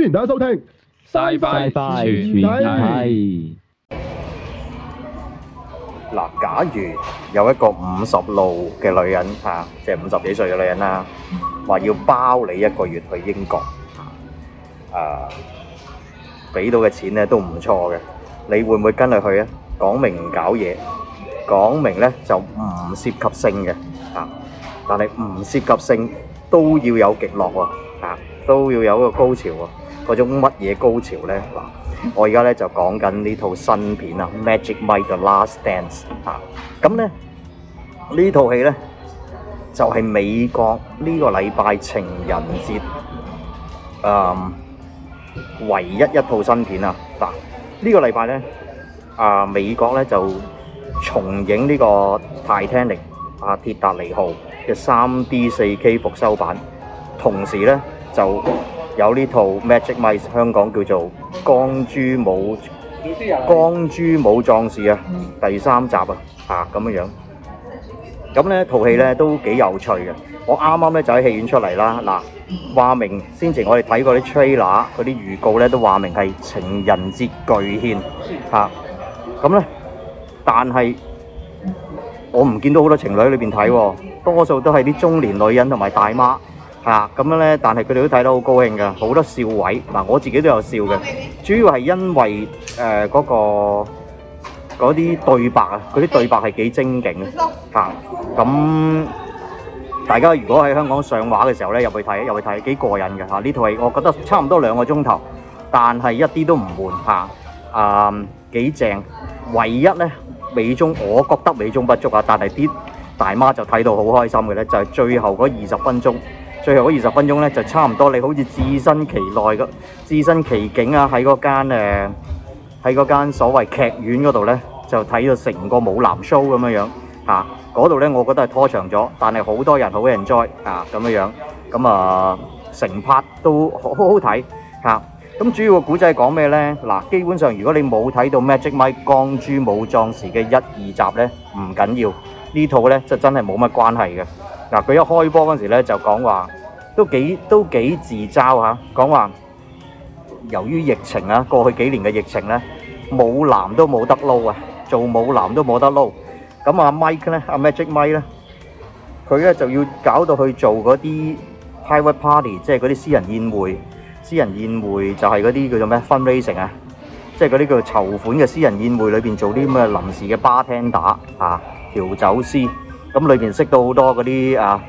歡迎大家收聽，拜拜拜拜。嗱，假如有一個五十路嘅女人吓，即係五十幾歲嘅女人啦，話要包你一個月去英國，誒，俾到嘅錢咧都唔錯嘅，你會唔會跟佢去啊？講明唔搞嘢，講明咧就唔涉及性嘅，啊，但係唔涉及性都要有極樂喎，啊，都要有個高潮喎。嗰種乜嘢高潮咧？嗱，我而家咧就講緊呢套新片啊，《Magic Mike》嘅《Last Dance》嚇。咁咧呢套戲咧就係、是、美國呢個禮拜情人節誒、嗯、唯一一套新片啊！嗱、這個，呢個禮拜咧啊美國咧就重映呢個《泰坦尼克》啊《鐵達尼號》嘅三 D 四 K 復修版，同時咧就有呢套 Magic Mike 香港叫做《光豬舞光豬舞壯士》啊，第三集啊，吓，咁嘅樣，咁呢套戲咧都幾有趣嘅。我啱啱咧就喺戲院出嚟啦。嗱，話明先前我哋睇過啲 trailer、嗰啲預告咧，都話明係情人節巨獻吓，咁、啊、咧，但係我唔見到好多情侶裏邊睇，多數都係啲中年女人同埋大媽。係啦，咁樣咧，但係佢哋都睇得好高興嘅，好多笑位，嗱我自己都有笑嘅，主要係因為誒嗰個嗰啲對白啊，嗰啲對白係幾精警嘅，嚇，咁大家如果喺香港上畫嘅時候咧，入去睇入去睇幾過癮嘅嚇，呢套戲我覺得差唔多兩個鐘頭，但係一啲都唔悶嚇，誒幾正，唯一咧美中，我覺得美中不足啊，但係啲大媽就睇到好開心嘅咧，就係最後嗰二十分鐘。最後嗰二十分鐘咧，就差唔多你好似置身其內嘅，置身其境啊！喺嗰間，喺嗰間所謂劇院嗰度咧，就睇到成個舞男 show 咁樣樣。嗰度咧，我覺得係拖長咗，但係好多人好 enjoy 啊咁樣樣。咁啊，成拍都好好睇嚇。咁主要個古仔講咩咧？嗱，基本上如果你冇睇到咩，即《Magic Mike 鋼管舞壯士》嘅一、二集咧，唔緊要，呢套咧就真係冇乜關係嘅。嗱，佢一開波嗰陣時咧，就講話都幾都幾自嘲嚇、啊，講話由於疫情啊，過去幾年嘅疫情咧，舞男都冇得撈啊，做舞男都冇得撈。咁阿 Mike 咧，阿、啊、Magic Mike 咧，佢咧就要搞到去做嗰啲 private party，即係嗰啲私人宴會，私人宴會就係嗰啲叫做咩 fundraising 啊，即係嗰啲叫籌款嘅私人宴會裏邊做啲咁嘅臨時嘅 bartender 啊，調酒師。咁裏邊識到好多嗰啲啊，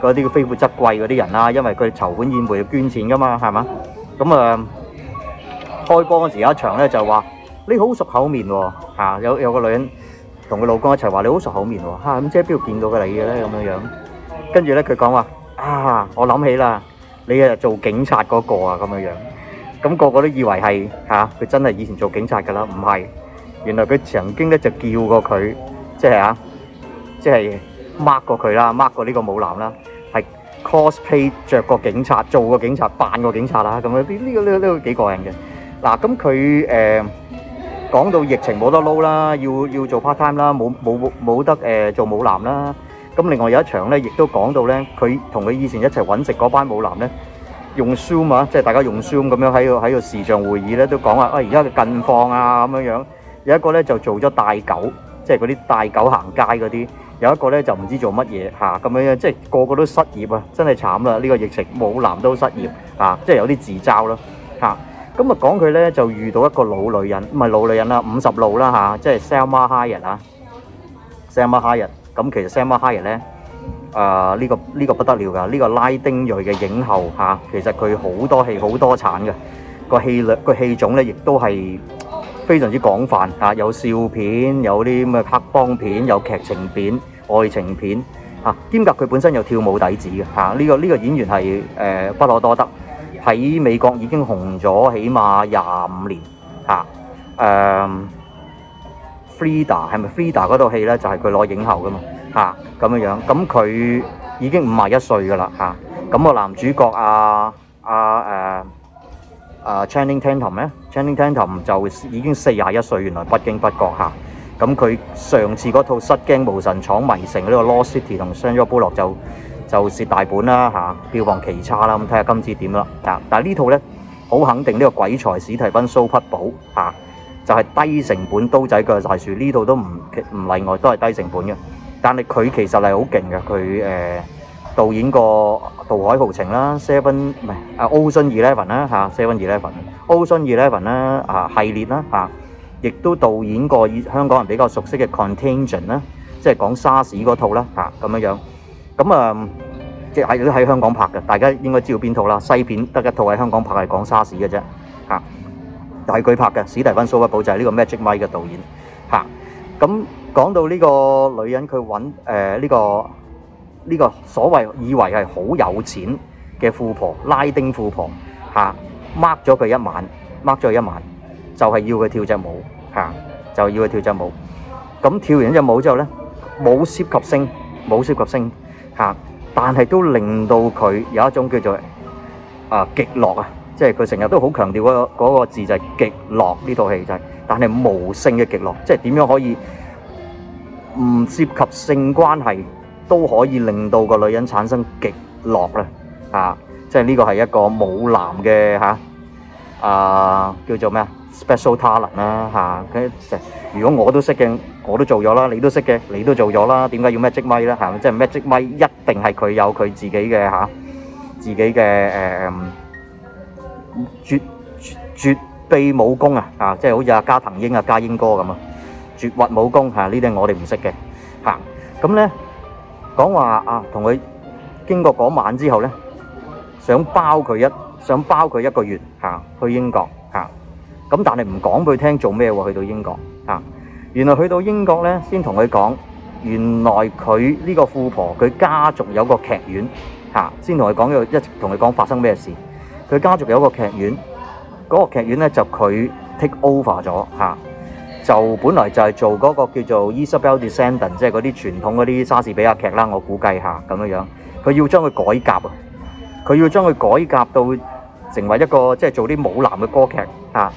嗰啲非富則貴嗰啲人啦，因為佢籌款宴會要捐錢噶嘛，係嘛？咁啊，開波嗰時有一場咧，就話你好熟口面喎，嚇，有有個女人同佢老公一齊話你好熟口面喎，嚇，咁即係邊度見到嘅你嘅咧咁嘅樣？跟住咧佢講話啊，我諗起啦，你係做警察嗰個啊咁嘅樣，咁個個都以為係嚇，佢真係以前做警察噶啦，唔係，原來佢曾經咧就叫過佢，即係啊。即係 mark 過佢啦，mark 過呢個武男啦，係 cosplay 着個警察，做個警察，扮個警察啦。咁呢啲呢個呢個幾過癮嘅。嗱，咁佢誒講到疫情冇得撈啦，要要做 part time 啦，冇冇冇得誒、呃、做武男啦。咁另外有一場咧，亦都講到咧，佢同佢以前一齊揾食嗰班武男咧，用 zoom 啊，即係大家用 zoom 咁樣喺度喺個視像會議咧，都講話啊而家嘅近況啊咁樣樣。有一個咧就做咗帶狗，即係嗰啲帶狗行街嗰啲。有一個咧就唔知做乜嘢嚇咁樣，即係個個都失業啊！真係慘啦，呢個疫情冇男都失業嚇，即係有啲自嘲啦嚇。咁啊講佢咧就遇到一個老女人，唔係老女人啦，五十老啦嚇，即係 Salma Hayek 啊，Salma Hayek。咁其實 Salma Hayek 咧，啊呢個呢個不得了噶，呢個拉丁裔嘅影后嚇，其實佢好多戲好多產嘅，個戲量個戲種咧亦都係。非常之廣泛嚇，有笑片，有啲咁嘅黑幫片，有劇情片、愛情片嚇、啊。兼夾佢本身有跳舞底子嘅嚇，呢、啊呢個呢、呢個演員係誒、呃、不可多得。喺美國已經紅咗起碼廿五年嚇。誒、啊啊、Frida 係咪 Frida 嗰套戲咧？就係佢攞影后噶嘛嚇，咁、啊、樣樣。咁佢已經五十一歲噶啦嚇。咁、啊、個男主角啊啊誒。啊啊，Channing Tatum 咧，Channing Tatum 就已經四十一歲，原來不經不覺嚇。咁佢上次嗰套《失驚無神闖迷城》呢、呢個 Lost City 同 Sandra Bullock 就就蝕大本啦嚇，票房奇差啦。咁睇下今次點啦。但係呢套咧好肯定呢個鬼才史提芬蘇匹堡嚇，就係、係、低成本刀仔鋸晒樹，呢套都唔唔例外都係低成本嘅。但係佢其實係好勁嘅，佢導演過《渡海豪情》啦，《Seven》唔係，Ocean Eleven》啦嚇，Seven Eleven》《Ocean Eleven》啦啊系列啦嚇，亦都導演過以香港人比較熟悉嘅《Contagion 啦，即係講沙士嗰套啦嚇咁樣樣。咁啊，即係喺香港拍嘅，大家應該知道邊套啦。西片得一套喺香港拍是，係講沙士嘅啫嚇，又係佢拍嘅。史蒂芬蘇柏寶就係、是、呢個 Magic Mike 嘅導演嚇。咁講到呢個女人，佢揾誒呢個。呢個所謂以為係好有錢嘅富婆拉丁富婆嚇，mark 咗佢一晚，mark 咗佢一晚，就係要佢跳隻舞嚇，就要佢跳隻舞。咁跳完隻舞之後咧，冇涉及性，冇涉及性嚇，但係都令到佢有一種叫做啊極樂啊，即係佢成日都好強調嗰嗰個字就係極樂呢套戲就係，但係無性嘅極樂，即係點樣可以唔涉及性關係？都可以令到個女人產生極樂啦，啊，即係呢個係一個武男嘅嚇啊，叫做咩啊？special talent 啦嚇。如果我都識嘅，我都做咗啦；你都識嘅，你都做咗啦。點解要 match 咪啦？係咪即係 match 咪一定係佢有佢自己嘅嚇自己嘅誒絕絕絕秘武功啊！啊，即係好似阿加藤鷹啊、加英哥咁啊，絕密武功嚇呢啲我哋唔識嘅嚇。咁咧。講話啊，同佢經過嗰晚之後咧，想包佢一想包佢一個月吓、啊，去英國吓。咁、啊、但係唔講佢聽做咩喎？去到英國啊，原來去到英國咧，先同佢講，原來佢呢個富婆佢家族有個劇院吓，先同佢講，一直同佢講發生咩事。佢家族有個劇院，嗰、啊、個劇院咧、那個、就佢 take over 咗吓。啊就本來就係做嗰個叫做 Elizabethan，即係嗰啲傳統嗰啲莎士比亞劇啦。我估計下咁樣樣，佢要將佢改革啊，佢要將佢改革到成為一個即係做啲舞男嘅歌劇啊，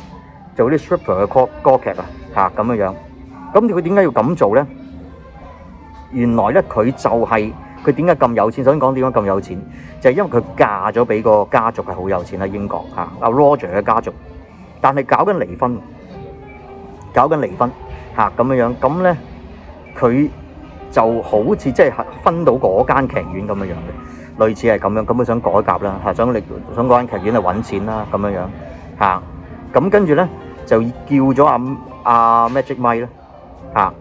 做啲 stripper 嘅歌歌劇啊，吓咁樣樣。咁佢點解要咁做咧？原來咧佢就係佢點解咁有錢？首先講點解咁有錢？就係、是、因為佢嫁咗俾個家族係好有錢喺英國吓阿、啊、Roger 嘅家族，但係搞緊離婚。搞緊離婚嚇咁樣樣咁咧，佢就好似即係分到嗰間劇院咁樣樣嘅，類似係咁樣咁，佢想改革啦嚇，想嚟想嗰間劇院去揾錢啦咁樣樣嚇，咁跟住咧就叫咗阿阿 Magic Mike 咧嚇，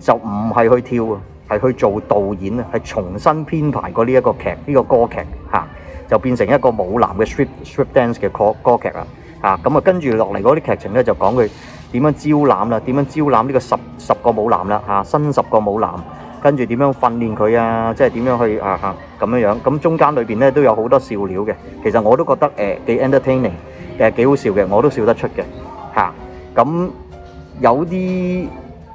就唔係去跳啊，係去做導演啊，係重新編排過呢一個劇呢、呢個歌劇嚇、啊，就變成一個舞男嘅 strip strip dance 嘅歌歌劇啊嚇。咁啊跟住落嚟嗰啲劇情咧就講佢。點樣招攬啦？點樣招攬呢個十十個舞男啦？嚇，新十個舞男，跟住點樣訓練佢啊？即係點樣去啊？咁樣樣咁，中間裏邊咧都有好多笑料嘅。其實我都覺得誒幾 entertaining，誒幾好笑嘅，我都笑得出嘅。嚇，咁有啲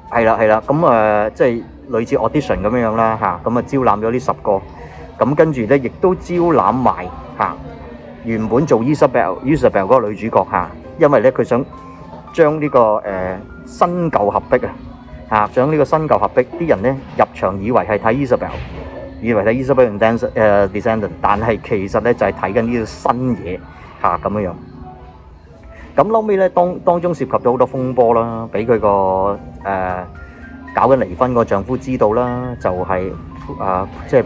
係啦係啦，咁誒即係類似 audition 咁樣樣啦。嚇，咁啊招攬咗呢十個，咁跟住咧亦都招攬埋嚇原本做 Isabel Isabel 嗰個女主角嚇，因為咧佢想。將呢個誒新舊合璧啊！嚇，將呢個新舊合璧啲人咧入場，以為係睇 Isabel，以為睇 Isabel dance 誒 descendant，但係其實咧就係睇緊呢個新嘢嚇咁樣樣。咁後尾咧，當當中涉及咗好多風波啦，俾佢個誒搞緊離婚個丈夫知道啦，就係啊即係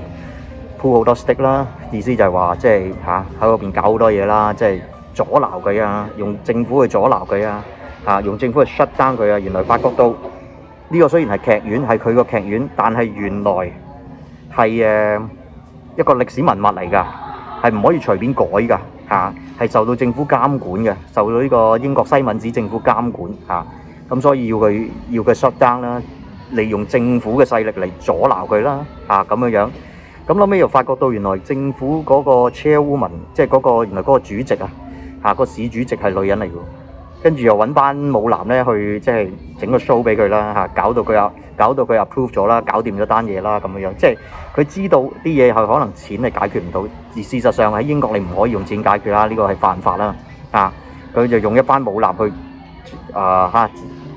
鋪好多 stick 啦，意思就係話即係嚇喺嗰邊搞好多嘢啦，即係阻撓佢啊，用政府去阻撓佢啊。啊！用政府去 shut down 佢啊！原來發覺到呢個雖然係劇院，係佢個劇院，但係原來係誒一個歷史文物嚟㗎，係唔可以隨便改㗎。嚇，係受到政府監管嘅，受到呢個英國西敏寺政府監管。嚇，咁所以要佢要佢 shut down 啦，利用政府嘅勢力嚟阻撓佢啦。嚇咁樣樣，咁後尾又發覺到原來政府嗰個 chairwoman，即係嗰個原來嗰個主席啊，嚇個市主席係女人嚟㗎。跟住又搵班武男咧去，即係整個 show 俾佢啦嚇，搞到佢啊，搞到佢 approve 咗啦，搞掂咗單嘢啦咁樣，即係佢知道啲嘢係可能錢係解決唔到，而事實上喺英國你唔可以用錢解決啦，呢個係犯法啦佢、啊、就用一班武男去啊嚇，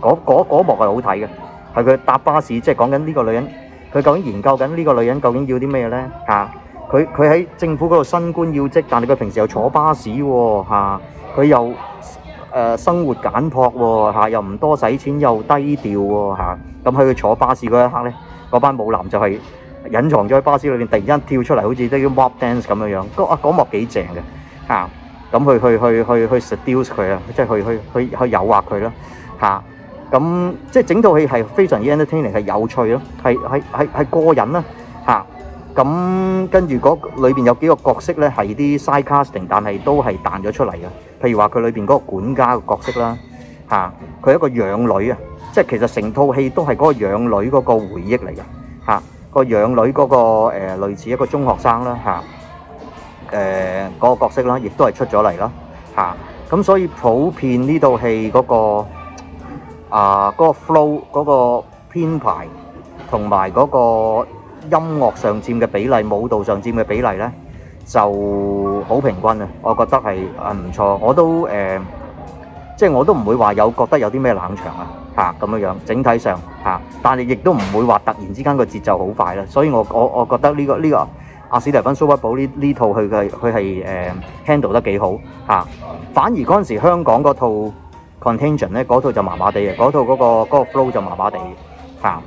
嗰、啊、嗰幕係好睇嘅，係佢搭巴士，即係講緊呢個女人，佢究竟研究緊呢個女人究竟要啲咩咧嚇？佢佢喺政府嗰度新官要職，但係佢平時又坐巴士喎佢、啊、又。誒生活簡樸喎嚇，又唔多使錢，又低調喎嚇。咁喺佢坐巴士嗰一刻咧，嗰班舞男就係隱藏咗喺巴士裏邊，突然間跳出嚟，好似啲 rap dance 咁樣樣。嗰嗰幕幾正嘅嚇。咁去去去去去 seduce 佢啊，即係去去去去誘惑佢啦嚇。咁即係整套戲係非常之 entertaining，係有趣咯，係係係係過癮啦嚇。咁、啊、跟住嗰裏邊有幾個角色咧係啲 side casting，但係都係彈咗出嚟嘅。譬如話佢裏邊嗰個管家嘅角色啦，嚇佢一個養女啊，即係其實成套戲都係嗰個養女嗰個回憶嚟嘅，嚇個養女嗰個誒類似一個中學生啦，嚇誒嗰個角色啦，亦都係出咗嚟啦，嚇咁所以普遍呢套戲嗰個啊嗰個 flow 嗰個編排同埋嗰個音樂上佔嘅比例、舞蹈上佔嘅比例咧，就好平均啊，我覺得係啊唔錯，我都誒，即、呃、係、就是、我都唔會話有覺得有啲咩冷場啊嚇咁樣樣，整體上嚇、啊，但係亦都唔會話突然之間個節奏好快啦，所以我我我覺得呢、這個呢、這個阿史提芬蘇德堡呢呢套佢嘅佢係誒 handle 得幾好嚇、啊，反而嗰陣時香港嗰套 Contagion 咧嗰套就麻麻地嘅，嗰套嗰、那個那個 flow 就麻麻地嚇，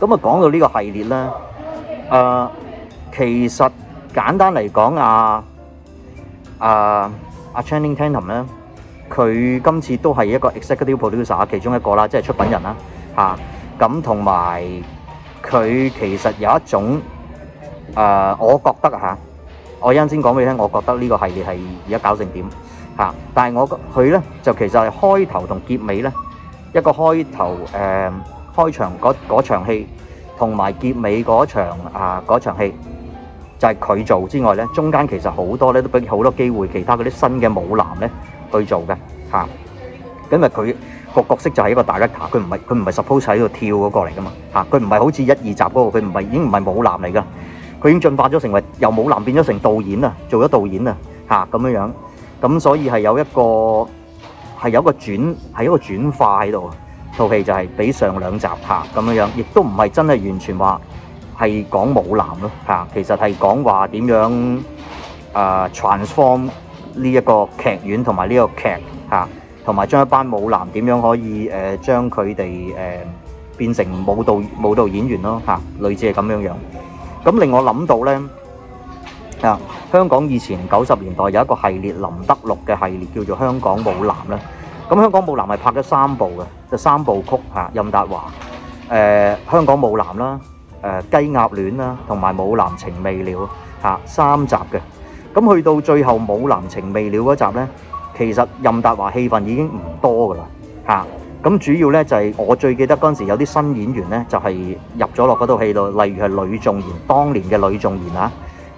咁啊講到呢個系列咧，誒、啊、其實。簡單嚟講啊，啊，阿 Channing Tatum 咧，佢今次都係一個 Executive Producer，其中一個啦，即係出品人啦嚇。咁同埋佢其實有一種誒，我覺得嚇，我一陣先講俾你聽，我覺得呢個系列係而家搞成點嚇。但係我佢咧就其實係開頭同結尾咧，一個開頭誒開場嗰嗰場戲，同埋結尾嗰場啊嗰場戲。但係佢做之外咧，中間其實好多咧都俾好多機會其他嗰啲新嘅舞男咧去做嘅嚇。因為佢個角色就係一個大 actor，佢唔係佢唔係 suppose 喺度跳嗰個嚟噶嘛嚇，佢唔係好似一二集嗰個，佢唔係已經唔係舞男嚟噶，佢已經進化咗成為由舞男變咗成導演啊，做咗導演啊嚇咁樣樣。咁所以係有一個係有一個轉係一個轉化喺度。套戲就係比上兩集嚇咁樣樣，亦都唔係真係完全話。係講舞男咯嚇，其實係講話點樣誒 transform 呢一個劇院同埋呢個劇嚇，同埋將一班舞男點樣可以誒將佢哋誒變成舞蹈舞蹈演員咯嚇，類似係咁樣樣。咁令我諗到咧啊，香港以前九十年代有一個系列林德祿嘅系列叫做香武藍《香港舞男》咧。咁香港舞男係拍咗三部嘅，就三部曲嚇。任達華誒，《香港舞男》啦。誒雞鴨戀啦，同埋《舞男情未了》嚇，三集嘅，咁去到最後《舞男情未了》嗰集咧，其實任達華戲份已經唔多噶啦嚇，咁主要咧就係我最記得嗰陣時有啲新演員咧就係入咗落嗰套戲度，例如係呂仲賢，當年嘅呂仲賢嚇，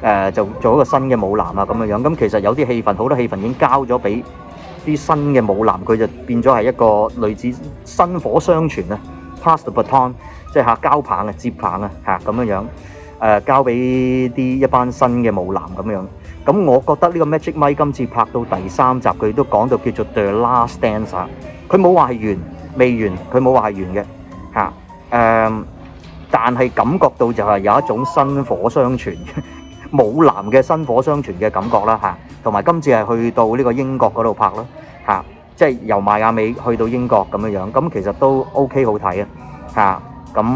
誒就做一個新嘅舞男啊咁樣樣，咁其實有啲戲份，好多戲份已經交咗俾啲新嘅舞男，佢就變咗係一個類似薪火相傳啊。Pass the baton，即係嚇交棒啊，接棒啊，嚇咁樣樣，誒交俾啲一班新嘅舞男咁樣。咁我覺得呢個 Magic Mike 今次拍到第三集，佢都講到叫做 The Last Dance，佢冇話係完，未完，佢冇話完嘅，嚇誒，但係感覺到就係有一種薪火相傳，舞男嘅薪火相傳嘅感覺啦，嚇，同埋今次係去到呢個英國嗰度拍咯，嚇。即係由邁亞美去到英國咁樣樣，咁其實都 OK 好睇啊！嚇，咁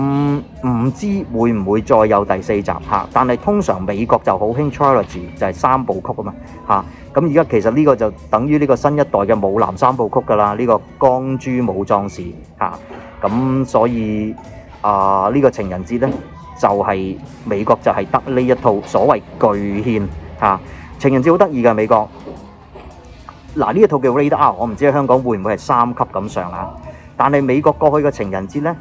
唔知會唔會再有第四集嚇？但係通常美國就好興 trilogy，就係三部曲啊嘛嚇。咁而家其實呢個就等於呢個新一代嘅武男三部曲㗎啦，呢個光豬武壯士嚇。咁所以啊，呢個情人節呢就係美國就係得呢一套所謂巨獻嚇。情人節好得意㗎，美國。嗱，呢一套叫《雷德 r 我唔知喺香港會唔會係三級咁上啊？但係美國過去嘅情人節呢，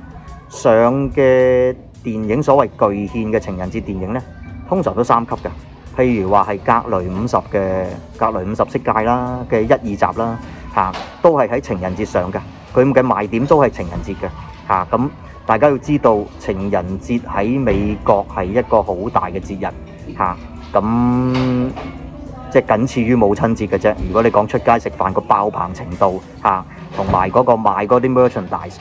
上嘅電影所謂巨獻嘅情人節電影呢，通常都三級嘅。譬如話係《格雷五十》嘅《格雷五十色界》啦嘅一二集啦，吓，都係喺情人節上嘅。佢嘅賣點都係情人節嘅吓，咁大家要知道，情人節喺美國係一個好大嘅節日吓，咁即係僅次於母親節嘅啫。如果你講出街食飯，個爆棚程度嚇，同埋嗰個賣嗰啲 merchandise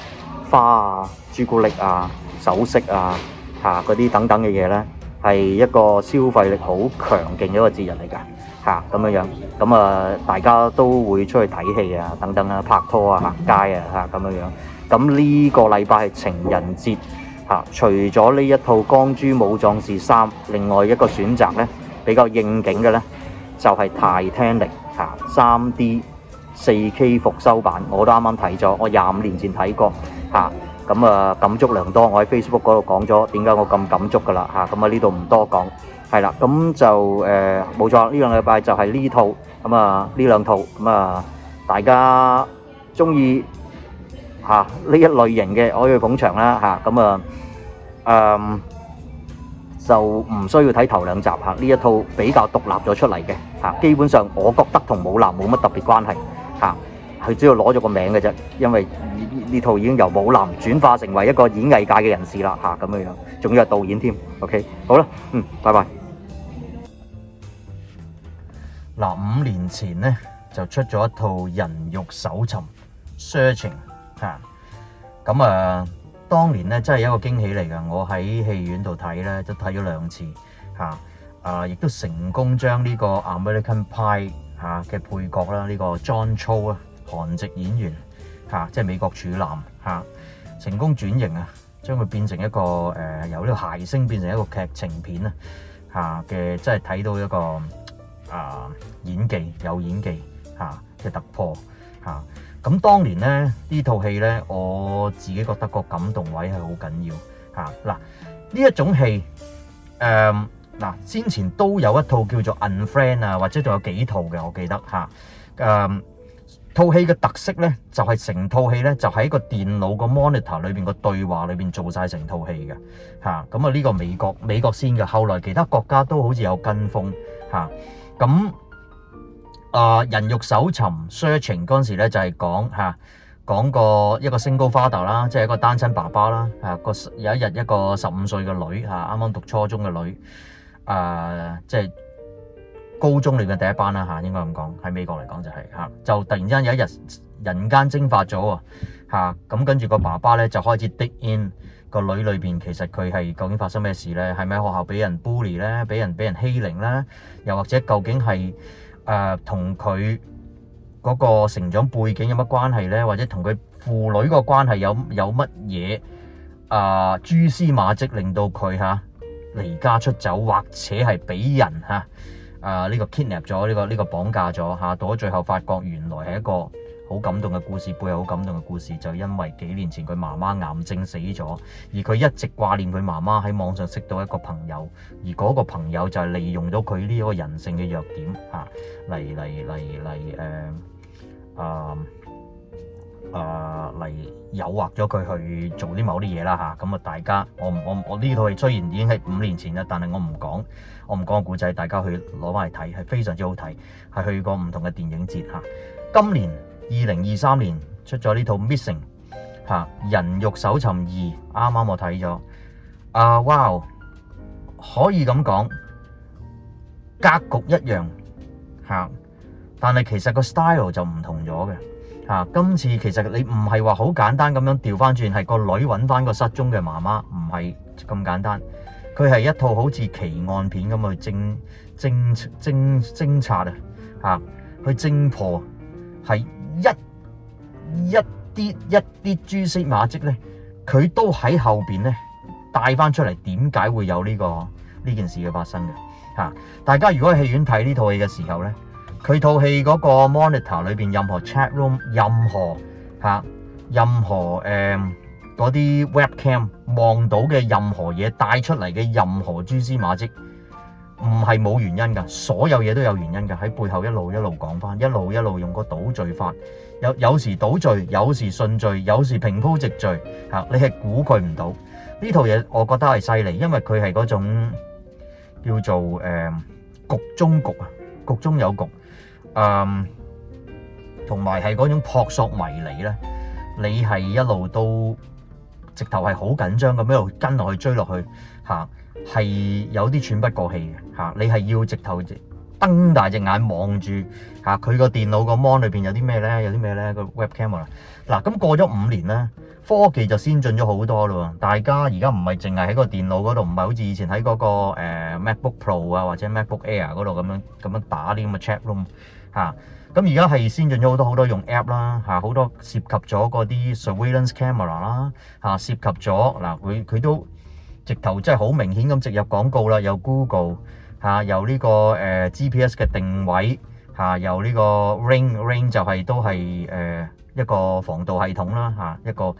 花啊、朱古力啊、首飾啊嚇嗰啲等等嘅嘢咧，係一個消費力好強勁嘅一個節日嚟㗎嚇咁樣樣。咁啊，大家都會出去睇戲啊、等等啊、拍拖啊、行街啊嚇咁樣樣。咁呢個禮拜係情人節嚇、啊，除咗呢一套光珠武壯士衫，另外一個選擇咧比較應景嘅咧。就係 Titanic 嚇，三 D 四 K 復修版，我都啱啱睇咗，我廿五年前睇過嚇，咁啊感觸良多，我喺 Facebook 嗰度講咗點解我咁感觸噶啦嚇，咁啊呢度唔多講，係啦，咁就誒冇錯，呢兩個禮拜就係呢套，咁啊呢兩套，咁啊大家中意嚇呢一類型嘅可以捧場啦嚇，咁啊誒。就唔需要睇頭兩集嚇，呢一套比較獨立咗出嚟嘅嚇，基本上我覺得同武男冇乜特別關係嚇，佢只要攞咗個名嘅啫，因為呢套已經由武男轉化成為一個演藝界嘅人士啦嚇，咁樣樣，仲要係導演添。OK，好啦，嗯，拜拜。嗱，五年前呢，就出咗一套《人肉搜尋》Searching 嚇，咁啊。當年咧真係一個驚喜嚟噶，我喺戲院度睇咧，都睇咗兩次吓，啊，亦都成功將呢個 American Pie 吓嘅配角啦，呢個 John Cho 啊，韓籍演員吓，即係美國處男吓，成功轉型啊，將佢變成一個誒由呢個諧星變成一個劇情片啊吓嘅，即係睇到一個啊演技，有演技吓嘅突破吓。咁當年咧呢這套戲咧，我自己覺得個感動位係好緊要吓嗱，呢一種戲誒嗱，先前都有一套叫做《Unfriend》啊，或者仲有幾套嘅，我記得吓誒、嗯、套戲嘅特色咧就係、是、成套戲咧就喺、是、個電腦個 monitor 裏邊個對話裏邊做晒成套戲嘅吓咁啊呢個美國美國先嘅，後來其他國家都好似有跟風吓咁。啊啊！人肉搜尋 searching 嗰時咧，就係講吓講個一個 single father 啦，即係一個單親爸爸啦。個有一日一個十五歲嘅女吓，啱啱讀初中嘅女，即係高中裏嘅第一班啦吓，應該咁講喺美國嚟講就係、是、吓，就突然之間有一日人間蒸發咗啊吓，咁跟住個爸爸咧就開始 dig in 個女裏邊，其實佢係究竟發生咩事咧？係咪喺學校俾人 bully 咧？俾人俾人欺凌咧？又或者究竟係？誒同佢嗰個成長背景有乜關係咧？或者同佢父女個關係有有乜嘢？誒、呃、蛛絲馬跡令到佢嚇離家出走，或者係俾人嚇誒呢個 Kidnap 咗，呢個呢個綁架咗嚇、啊，到最後發覺原來係一個。好感動嘅故事背後，好感動嘅故事就因為幾年前佢媽媽癌症死咗，而佢一直掛念佢媽媽，喺網上識到一個朋友，而嗰個朋友就係利用咗佢呢個人性嘅弱點啊，嚟嚟嚟誘惑咗佢去做啲某啲嘢啦嚇。咁啊，大家，我我我呢套戲雖然已經係五年前啦，但係我唔講，我唔講個故仔，大家去攞翻嚟睇係非常之好睇，係去過唔同嘅電影節嚇、啊。今年。二零二三年出咗呢套《Missing》嚇，《人肉搜尋二》啱啱我睇咗，啊，哇、wow，可以咁講，格局一樣嚇，但係其實個 style 就唔同咗嘅嚇。今次其實你唔係話好簡單咁樣調翻轉，係個女揾翻個失蹤嘅媽媽，唔係咁簡單，佢係一套好似奇案片咁去偵偵偵偵察啊嚇，去偵破係。一一啲一啲蛛絲馬迹咧，佢都喺後邊咧帶翻出嚟。點解會有呢個呢件事嘅發生嘅？嚇！大家如果喺戲院睇呢套戲嘅時候咧，佢套戲嗰個 monitor 裏邊任何 chat room 任何、任何嚇、嗯、任何誒嗰啲 webcam 望到嘅任何嘢帶出嚟嘅任何蛛絲馬跡。唔係冇原因噶，所有嘢都有原因噶。喺背後一路一路講翻，一路一路用個倒敘法，有有時倒敘，有時順序，有時平鋪直敘。吓，你係估佢唔到呢套嘢，我覺得係犀利，因為佢係嗰種叫做誒、呃、局中局啊，局中有局。嗯、呃，同埋係嗰種撲朔迷離咧，你係一路都直頭係好緊張咁一路跟落去追落去行。係有啲喘不過氣嘅嚇，你係要直頭瞪大隻眼望住嚇佢個電腦個 mon 裏邊有啲咩咧？有啲咩咧個 web camera。嗱咁過咗五年咧，科技就先進咗好多咯。大家而家唔係淨係喺個電腦嗰度，唔係好似以前喺嗰個 MacBook Pro 啊或者 MacBook Air 嗰度咁樣咁樣打啲咁嘅 chat 咯。嚇，咁而家係先進咗好多好多，用 app 啦嚇，好多涉及咗嗰啲 surveillance camera 啦嚇，涉及咗嗱佢佢都。直頭真係好明顯咁植入廣告啦，有 Google 嚇，有呢個誒 GPS 嘅定位嚇，有呢個 Ring Ring 就係都係誒一個防盜系統啦嚇，一個誒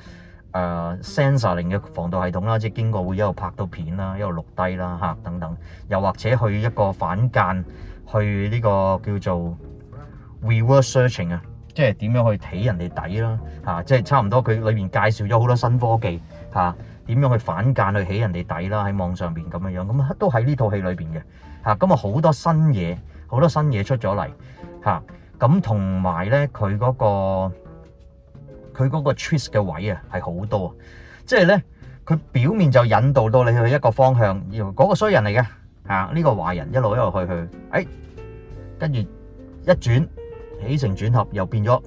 sensoring 嘅防盜系統啦，即係經過會一路拍到片啦，一路錄低啦嚇等等，又或者去一個反間去呢個叫做 reverse searching 啊，即係點樣去睇人哋底啦嚇，即係差唔多佢裏邊介紹咗好多新科技嚇。點樣去反間去起人哋底啦？喺網上邊咁樣樣咁都喺呢套戲裏邊嘅嚇。咁啊，好多新嘢，好多新嘢出咗嚟嚇。咁同埋咧，佢嗰個佢嗰個 twist 嘅位啊，係好多啊。即係咧，佢表面就引導到你去一個方向，嗰個衰人嚟嘅嚇。呢個壞人，這個，壞人一路一路去去，哎、欸，跟住一轉起承轉合又變咗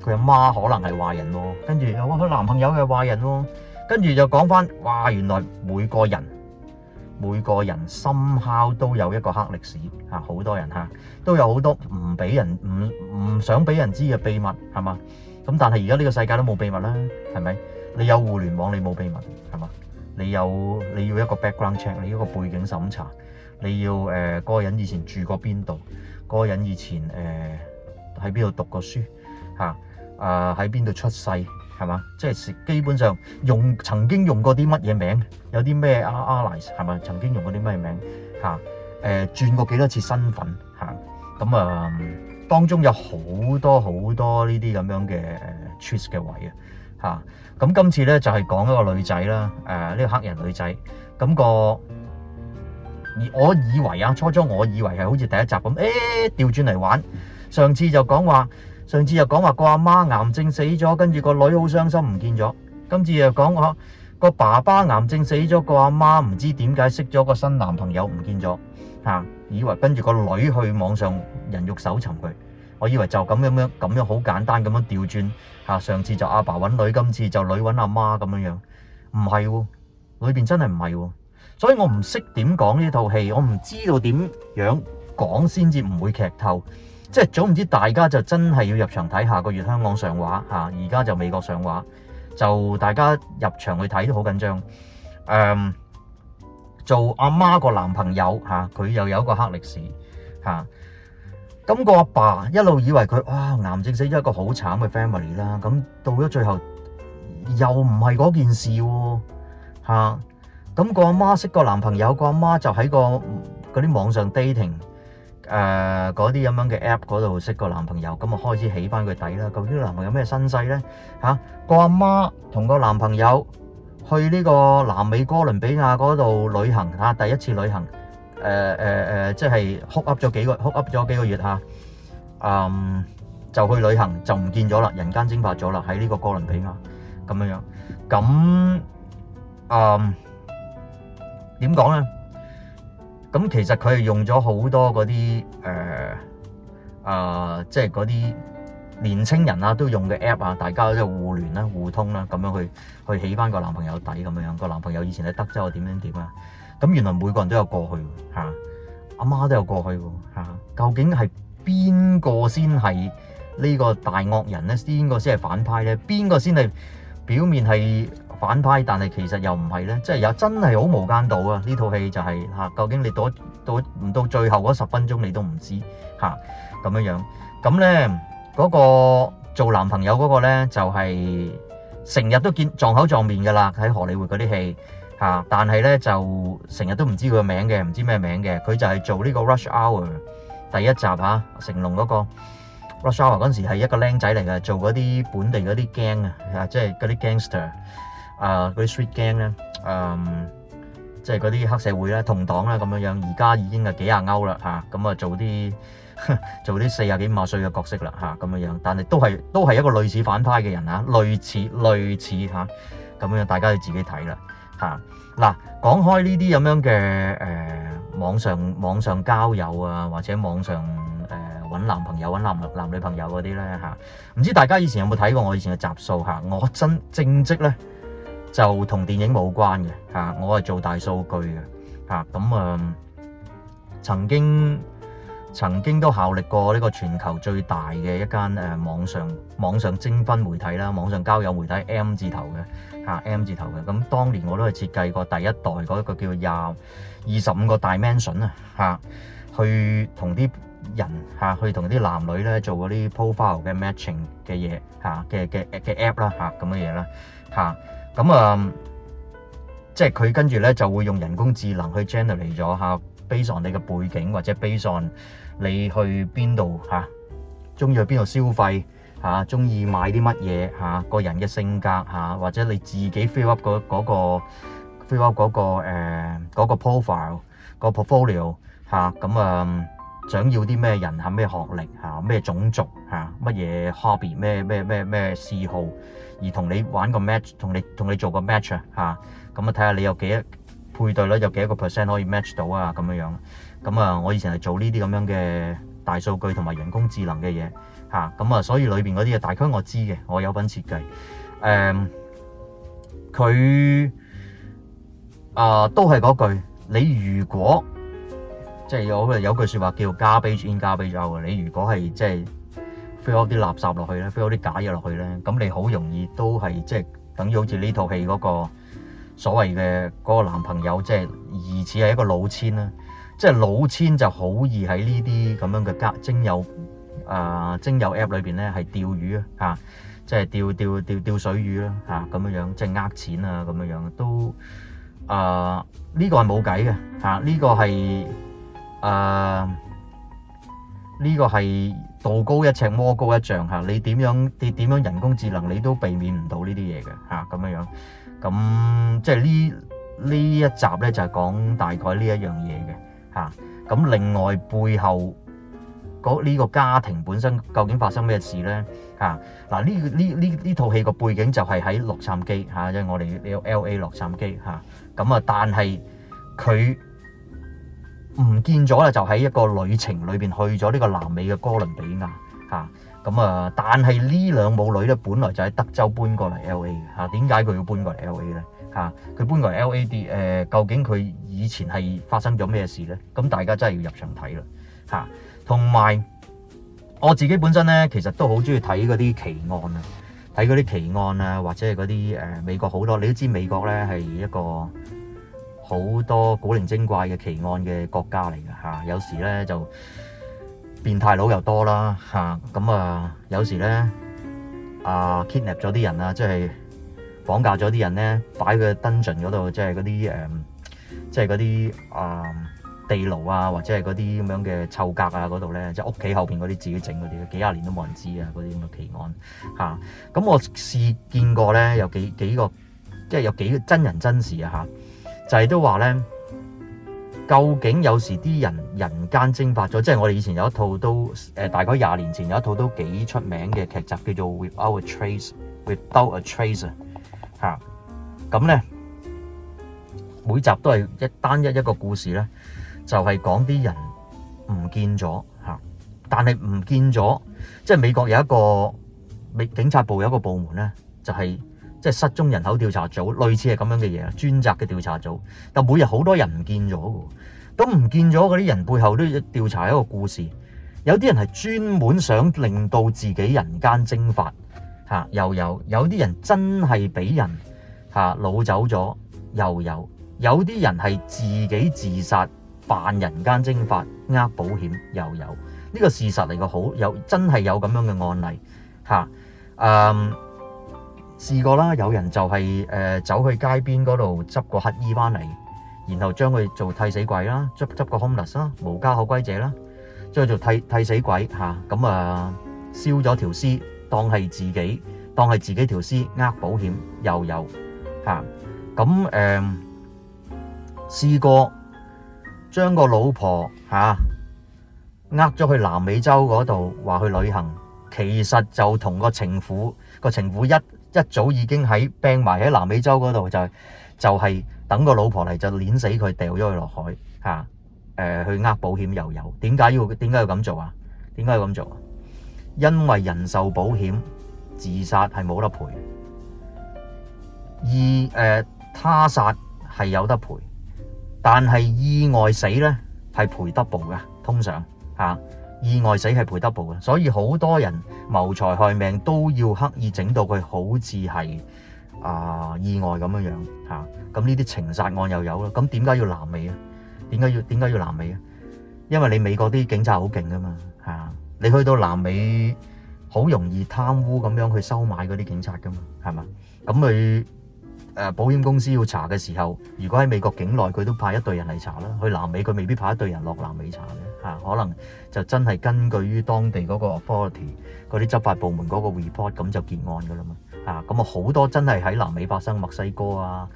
佢阿媽可能係壞人喎、啊，跟住又話佢男朋友係壞人喎、啊。跟住就講翻，哇！原來每個人每個人心口都有一個黑歷史，好多人吓都有好多唔俾人唔唔想俾人知嘅秘密，係嘛？咁但係而家呢個世界都冇秘密啦，係咪？你有互聯網，你冇秘密，係嘛？你有你要一個 background check，你要個背景審查，你要誒、呃嗰個人以前住過邊度，嗰、嗰個人以前誒喺邊度讀過書，吓啊喺邊度出世。係嘛？即係基本上用曾經用過啲乜嘢名，有啲咩 aliases 係嘛？曾經用過啲乜嘢名？吓，誒，轉、呃、過幾多次身份？吓，咁啊、嗯，當中有好多好多呢啲咁樣嘅 choice 嘅位啊，吓，咁今次咧就係、是、講一個女仔啦，誒、呃，呢、這個黑人女仔，咁、那個，以我以為啊，初初我以為係好似第一集咁，誒、欸，調轉嚟玩，上次就講話。上次又講話個阿媽癌症死咗，跟住個女好傷心唔見咗。今次又講話個爸爸癌症死咗，個阿媽唔知點解識咗個新男朋友唔見咗、啊，以為跟住個女去網上人肉搜尋佢。我以為就咁樣樣，咁樣好簡單咁樣調轉、啊、上次就阿爸揾女，今次就女揾阿媽咁樣樣，唔係喎，裏邊真係唔係喎。所以我唔識點講呢套戲，我唔知道點樣講先至唔會劇透。即係總唔知，大家就真係要入場睇。下個月香港上畫吓，而家就美國上畫，就大家入場去睇都好緊張。誒，um，做阿媽個男朋友吓，佢又有一個黑歷史吓。咁個阿爸一路以為佢，哇癌症死咗一個好慘嘅 family 啦，咁到咗最後又唔係嗰件事喎吓。咁個阿媽識個男朋友，個阿媽就喺個嗰啲網上 dating。誒，嗰啲咁樣嘅 app 嗰度識個男朋友，咁啊開始起翻佢底啦。究竟個男朋友咩身世咧？吓，個阿媽同個男朋友去呢個南美哥倫比亞嗰度旅行，吓第一次旅行，誒誒誒，即係哭噏咗幾個，哭噏咗幾個月吓，嗯，就去旅行就唔見咗啦，人間蒸發咗啦，喺呢個哥倫比亞咁樣樣，咁，嗯，點講咧？咁其實佢係用咗好多嗰啲誒啊，即係嗰啲年輕人啦，都用嘅 app 啊，大家都係互聯啦、互通啦，咁樣去去起翻個男朋友底咁樣。個男朋友以前喺德州點樣點啊？咁原來每個人都有過去㗎，嚇，阿媽都有過去㗎，嚇。究竟係邊個先係呢個大惡人咧？邊個先係反派咧？邊個先係表面係？反派，但係其實又唔係咧，即係又真係好無間道啊！呢套戲就係嚇，究竟你到到唔到最後嗰十分鐘，你都唔知嚇咁樣樣。咁咧嗰個做男朋友嗰個咧，就係成日都見撞口撞面㗎啦，喺荷里活嗰啲戲嚇。但係咧就成日都唔知佢個名嘅，唔知咩名嘅。佢就係做呢個《Rush Hour》第一集嚇，成龍嗰個《Rush Hour》嗰陣時係一個僆仔嚟嘅，做嗰啲本地嗰啲 gang 啊，即係嗰啲 gangster。誒嗰啲 sweet gang 咧、嗯，誒即係嗰啲黑社會咧同黨咧咁樣樣，而家已經係幾廿歐啦嚇，咁啊做啲做啲四廿幾五十歲嘅角色啦嚇咁樣樣，但係都係都係一個類似反派嘅人嚇、啊，類似類似嚇咁、啊、樣樣，大家要自己睇啦嚇嗱。講開呢啲咁樣嘅誒、呃、網上網上交友啊，或者網上誒揾、呃、男朋友揾男男女朋友嗰啲咧嚇，唔、啊、知大家以前有冇睇過我以前嘅集數嚇、啊？我真正職咧。就同電影冇關嘅嚇，我係做大數據嘅嚇咁啊。曾經曾經都效力過呢個全球最大嘅一間誒網上網上徵婚媒體啦，網上交友媒體 M 字頭嘅嚇 M 字頭嘅咁。當年我都係設計過第一代嗰一個叫廿二十五個 dimension 啊嚇，去同啲人嚇去同啲男女咧做嗰啲 profile 嘅 matching 嘅嘢嚇嘅嘅嘅 app 啦嚇咁嘅嘢啦嚇。咁、嗯、啊，即係佢跟住咧就會用人工智能去 generate 咗嚇，based on 你嘅背景或者 based on 你去邊度嚇，中、啊、意去邊度消費嚇，中、啊、意買啲乜嘢嚇，個人嘅性格嚇、啊，或者你自己 fill up 嗰、嗰個 fill up 嗰個誒、嗰個嗰個、profile 個 portfolio 嚇、啊，咁、嗯、啊想要啲咩人，嚇、啊、咩學歷嚇，咩、啊、種族嚇，乜、啊、嘢 hobby，咩咩咩咩嗜好。而同你玩個 match，同你同你做個 match 啊，咁啊，睇下你有幾多配對率，有幾多個 percent 可以 match 到啊，咁樣咁啊，我以前係做呢啲咁樣嘅大數據同埋人工智能嘅嘢吓，咁啊，所以裏面嗰啲嘢大概我知嘅，我有份設計佢、嗯、啊都係嗰句，你如果即係有有句説話叫 garbage in，garbage out 喎。你如果係即係。俾我啲垃圾落去咧，俾我啲假嘢落去咧，咁你好容易都係即係，等於好似呢套戲嗰個所謂嘅嗰個男朋友，即係疑似係一個老千啦。即係老千就好易喺呢啲咁樣嘅家徵友啊徵友 App 裏邊咧，係釣魚啊，吓、啊，即係釣釣釣釣水魚啦，吓，咁樣樣即係呃錢啊，咁樣樣都啊呢、這個係冇計嘅，吓、啊、呢、這個係啊呢、這個係。道高一尺，魔高一丈嚇，你點樣你點樣人工智能，你都避免唔到呢啲嘢嘅嚇咁樣。咁即係呢呢一集咧，就係講大概呢一樣嘢嘅嚇。咁另外背後嗰呢個家庭本身究竟發生咩事咧嚇？嗱呢呢呢呢套戲個背景就係喺洛杉磯嚇，即係我哋 L L A 洛杉磯嚇。咁啊，但係佢。唔見咗啦，就喺一個旅程裏邊去咗呢個南美嘅哥倫比亞嚇，咁啊，但係呢兩母女咧，本來就喺德州搬過嚟 LA 嘅嚇，點解佢要搬過嚟 LA 咧嚇？佢搬過嚟 LA 啲誒，究竟佢以前係發生咗咩事咧？咁大家真係要入場睇啦嚇，同埋我自己本身咧，其實都好中意睇嗰啲奇案啊，睇嗰啲奇案啦，或者係嗰啲誒美國好多，你都知美國咧係一個。好多古靈精怪嘅奇案嘅國家嚟㗎嚇，有時咧就變態佬又多啦嚇。咁啊，啊，有時咧啊，kidnap 咗啲人啊，人即係綁架咗啲人咧，擺佢 dungeon 嗰度，即係嗰啲誒，即係嗰啲啊地牢啊，或者係嗰啲咁樣嘅臭格啊嗰度咧，即係屋企後邊嗰啲自己整嗰啲，幾廿年都冇人知啊嗰啲咁嘅奇案嚇。咁、啊、我試見過咧，有幾幾個，即係有幾真人真事啊嚇。就係、是、都話咧，究竟有時啲人人間蒸發咗，即係我哋以前有一套都誒，大概廿年前有一套都幾出名嘅劇集，叫做 Without a Trace, Without a Trace 啊。咁咧，每集都係一單一一個故事咧，就係、是、講啲人唔見咗、啊、但係唔見咗，即係美國有一個美警察部有一個部門咧，就係、是。即係失蹤人口調查組，類似係咁樣嘅嘢啊，專責嘅調查組。但每日好多人唔見咗嘅，都唔見咗嗰啲人背後都調查一個故事。有啲人係專門想令到自己人間蒸發，嚇又有；有啲人真係俾人嚇擄走咗，又有；有啲人係自己自殺扮人間蒸發呃保險，又有呢個事實嚟嘅，好有真係有咁樣嘅案例嚇，嗯。試過啦，有人就係、是、誒、呃、走去街邊嗰度執個乞衣翻嚟，然後將佢做替死鬼啦，執執個 homeless 啦，無家可歸者啦，將佢做替替死鬼咁啊，燒咗條屍當係自己當係自己條屍，呃保險又有咁。誒試過將個老婆吓呃咗去南美洲嗰度話去旅行，其實就同個情婦個情婦一一早已經喺病埋喺南美洲嗰度，就就係、係等個老婆嚟就碾死佢，掉咗佢落海嚇，誒去呃保險又有點解要點解要咁做啊？點解要咁做啊？因為人壽保險自殺係冇得賠，意誒他殺係有得賠，但係意外死咧係賠 double 㗎，通常嚇。意外死係賠得補嘅，所以好多人謀財害命都要刻意整到佢好似係啊意外咁樣樣嚇。咁呢啲情殺案又有啦。咁點解要南美啊？點解要點解要南美啊？因為你美國啲警察好勁噶嘛嚇，你去到南美好容易貪污咁樣去收買嗰啲警察噶嘛，係嘛？咁佢誒保險公司要查嘅時候，如果喺美國境內佢都派一隊人嚟查啦，去南美佢未必派一隊人落南美查嘅。可能就真係根據於當地嗰個 authority、嗰啲執法部門嗰個 report，咁就結案㗎喇嘛。嚇，咁啊好多真係喺南美發生，墨西哥啊、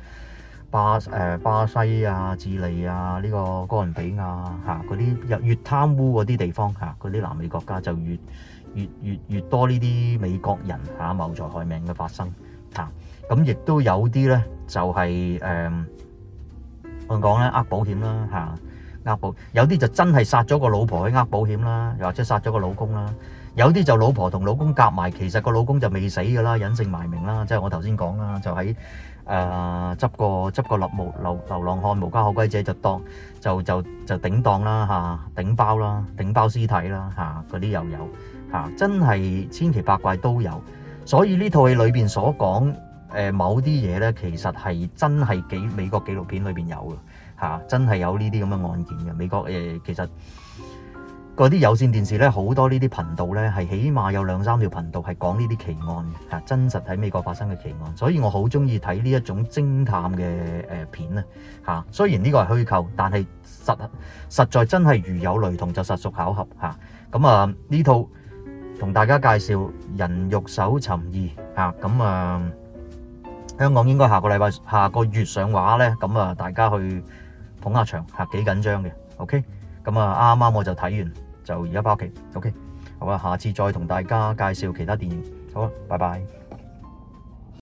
巴巴西啊、智利啊、呢、呢個哥倫比亞嚇嗰啲，越越貪污嗰啲地方嗰啲南美國家就越越越越多呢啲美國人嚇、啊、謀財害命嘅發生。嚇、啊，咁亦都有啲咧，就係、是、誒，我講咧，呃保險啦、啊呃保有啲就真係殺咗個老婆去呃保險啦，又或者殺咗個老公啦，有啲就老婆同老公夾埋，其實個老公就未死噶啦，隱姓埋名啦，即係我頭先講啦，就喺、是、誒、呃、執個執個立流流浪漢無家可歸者就當就就就，就頂檔啦嚇，頂包啦，頂包屍體啦嚇，嗰啲又有嚇，真係千奇百怪都有，所以呢套戲裏邊所講誒、呃、某啲嘢呢，其實係真係幾美國紀錄片裏邊有㗎。真係有呢啲咁嘅案件嘅美國誒，其實嗰啲有線電視呢，好多呢啲頻道呢，係起碼有兩三條頻道係講呢啲奇案嘅嚇，真實喺美國發生嘅奇案。所以我好中意睇呢一種偵探嘅誒片啊！嚇，雖然呢個係虛構，但係實實在真係如有雷同就實屬巧合嚇。咁啊，呢套同大家介紹《人肉搜尋二》嚇，啊，咁啊，香港應該下個禮拜，下個月上畫呢。咁啊，大家去。捧下場係幾緊張嘅，OK，咁啊啱啱我就睇完，就而家返屋企，OK，好啊，下次再同大家介紹其他電影，好啊，拜拜。